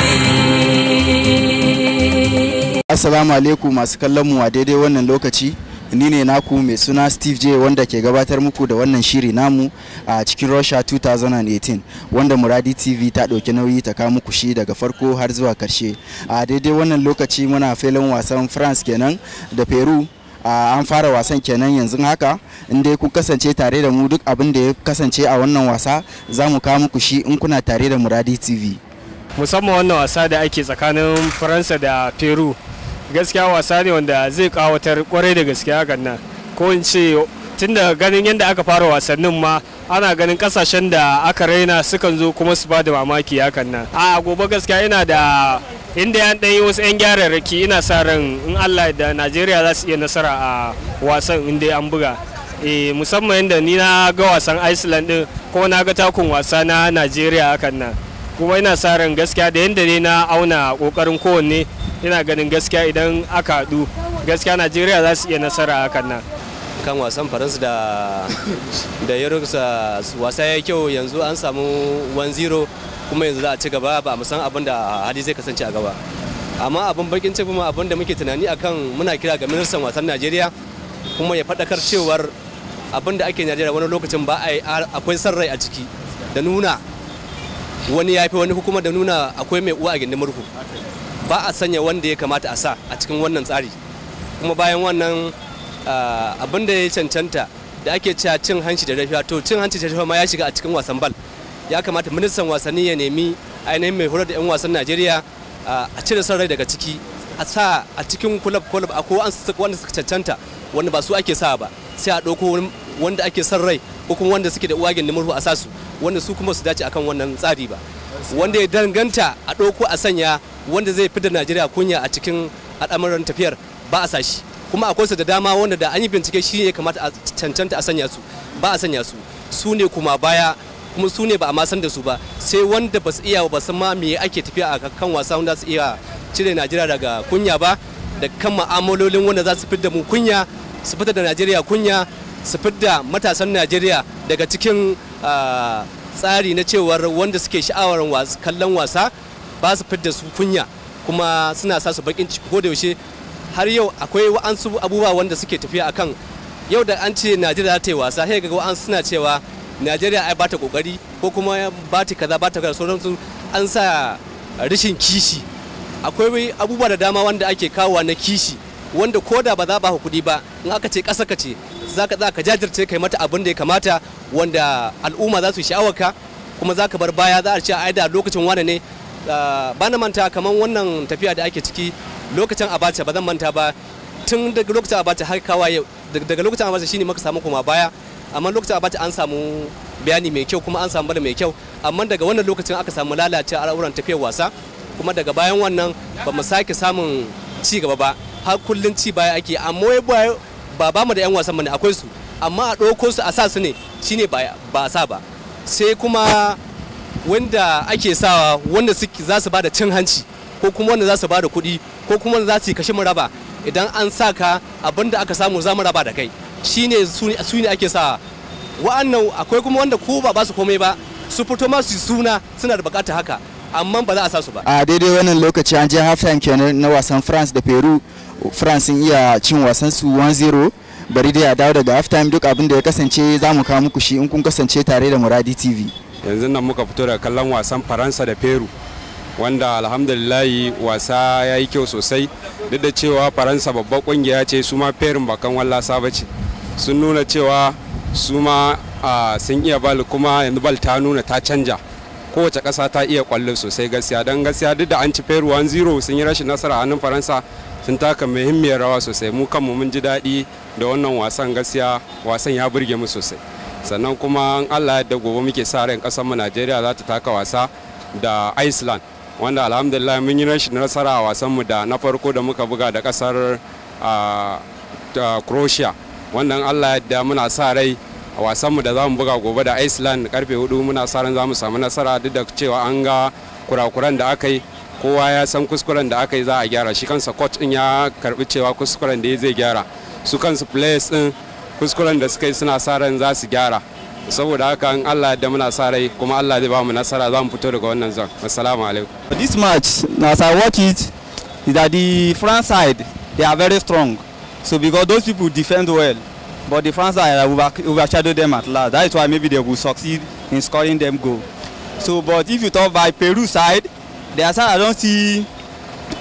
TV. Assalamu alaikum masu kallon mu a daidai wannan lokaci. Ni ne naku mai suna Steve J wanda ke gabatar muku da wannan shiri namu a cikin Russia 2018 wanda Muradi TV ta ɗauki nauyi ta kawo muku shi daga farko har zuwa karshe. A daidai wannan lokaci muna filin wasan France kenan da Peru an fara wasan kenan yanzu haka in dai kun kasance tare da mu duk abin da ya kasance a wannan wasa za mu kawo muku shi in kuna tare da muradi tv musamman wannan wasa da ake tsakanin faransa da peru gaskiya wasa ne wanda zai kawatar kwarai da gaskiya hakan nan ko in ce tun da ganin yadda aka fara wasannin ma ana ganin kasashen da aka raina sukan zo kuma su ba da mamaki hakan nan a gobe gaskiya ina da inda ya ɗaya wasu 'yan gyararraki ina sa ran in allah da najeriya za su iya nasara a wasan inda an buga e, musamman yadda ni na ga wasan iceland ko na ga takun wasa na najeriya hakan nan kuma ina sa ran gaskiya da yadda ne na auna kokarin kowanne ina ganin gaskiya idan aka haɗu gaskiya najeriya za su iya nasara kan nan kan wasan faransa da da yarusa wasa ya kyau yanzu an samu 1-0 kuma yanzu za a ci gaba ba mu san abin da hali zai kasance a gaba amma abin bakin ce kuma abin da muke tunani akan muna kira ga ministan wasan najeriya kuma ya faɗakar cewar abin da ake najeriya wani lokacin ba a akwai son rai a ciki da nuna wani ya fi wani kuma da nuna akwai mai uwa a gindin murhu ba a sanya wanda ya kamata a sa a cikin wannan tsari kuma bayan wannan ah, abin da ya cancanta da ake cewa cin hanci da rafiya to cin hanci da rafiya ma ya shiga a cikin wasan bal ya kamata ministan wasanni ya nemi ainihin mai horar da 'yan wasan najeriya ah, a cire son rai daga ciki a sa a cikin kulab kulab a wanda suka cancanta wanda ba su ake sa ba sai a ɗauko wanda ake son rai ko kuma wanda suke da uwa gindin murhu a sasu wanda su kuma su dace akan wannan tsari ba wanda ya danganta a ɗauko a sanya wanda zai fi da najeriya kunya a cikin al'amuran tafiyar ba a sashi kuma akwai su da dama wanda da an yi bincike shi ne kamata a cancanta a sanya su ba a sanya su su ne kuma baya kuma su ne ba a ma san da su ba sai wanda ba su iya ba su ma me ake tafiya a kan wasa wanda su iya cire najeriya daga kunya ba da kan ma'amalolin wanda za su fi da mu kunya su fita da najeriya kunya su fidda matasan najeriya daga cikin ah, tsari na cewar wanda suke sha'awar kallon wasa ba su fidda su kunya kuma suna sa su bakin ciki ko da yaushe har yau akwai wa'ansu abubuwa wanda suke tafiya a kan yau da an ce najeriya ta yi wasa sai ga wa'ansu suna cewa najeriya ai bata kokari ko kuma bata kaza ba ta kaza sauransu an sa rashin kishi akwai abubuwa da dama wanda ake kawowa na kishi wanda ko da ba za ba kuɗi ba in aka ce ƙasa ka ce za ka ka jajirce kai mata abin da ya kamata wanda al'umma za su sha'awarka kuma za ka bar baya za a ce ai da lokacin wane ne ah, ba na manta kamar wannan tafiya da ake ciki lokacin abacha ba zan manta ba tun daga lokacin abacha har kawa yau daga lokacin abacha shine muka samu kuma baya amma lokacin abacha an samu bayani mai kyau kuma an samu bala mai kyau amma daga wannan lokacin aka samu lalace al'auran tafiyar wasa kuma daga bayan wannan ba mu sake samun ci gaba ba har kullun ci baya ake amma wai ba ba mu da yan wasan mu ne akwai su amma a ɗauko su a sa su ne shine ba sa ba sai kuma wanda ake sawa wanda za su bada cin hanci ko kuma wanda za su bada kuɗi ko kuma wanda za su yi kashe mu raba idan an sa ka abinda aka samu za mu raba da kai shine su ne ake sawa wa'annan akwai kuma wanda ko ba ba su komai ba su fito ma su suna suna da bukata haka amma ba za a sa su ba a daidai wannan lokaci an je half time kenan na wasan France da Peru france sun iya cin wasan su 1-0 bari dai a dawo daga half time duk abin da ya kasance za mu kawo muku shi in kun kasance tare da muradi tv yanzu nan muka fito da kallon wasan faransa da peru wanda alhamdulillahi wasa ya yi kyau sosai duk da cewa faransa babbar kungiya ce su ma perin bakan wallasa ba ce sun nuna cewa su ma sun iya bal kuma yanzu bal ta nuna ta canja kowace ƙasa ta iya kwallo sosai gaskiya don gaskiya duk da an ci peru 1-0 sun yi rashin nasara hannun faransa sun taka muhimmiyar rawa sosai mu kanmu mun ji daɗi da wannan wasan gaskiya wasan ya burge mu sosai sannan kuma allah yadda gobe muke sa ran ƙasar mu najeriya za ta taka wasa da iceland wanda alhamdulillah mun yi rashin nasara a wasan mu da na farko da muka buga da ƙasar croatia wannan allah yadda muna sa rai a wasanmu da za mu buga gobe da iceland karfe hudu muna sa ran za mu samu nasara duk da cewa an ga kurakuran da aka yi kowa ya san kuskuren da aka yi za a gyara shi kansa coach din ya karbi cewa kuskuren da ya zai gyara su kansu players din kuskuren da suka yi suna sa ran za su gyara saboda haka in Allah da muna sa rai kuma Allah zai ba mu nasara za mu fito daga wannan zan assalamu alaikum this match as i watch it is that the france side they are very strong so because those people defend well but the france side overshadow them at last that is why maybe they will succeed in scoring them goal so but if you talk by peru side Their side, I don't see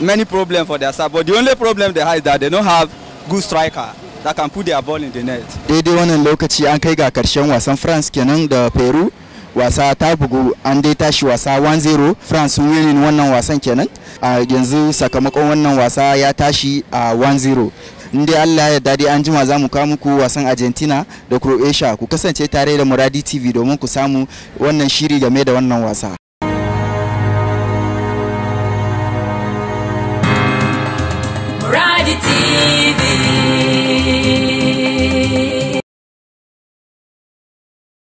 many problems for their side, but the only problem they have is that they don't have good striker that can put their ball in the net. Daidai wannan lokaci an kai ga karshen wasan France kenan da Peru. wasa ta bugu an dai tashi wasa 1-0 france sun wannan wasan kenan a yanzu sakamakon wannan wasa ya tashi a 1-0 nde allah ya dadi an jima za mu kawo muku wasan argentina da croatia ku kasance tare da muradi tv domin ku samu wannan shiri game da wannan wasa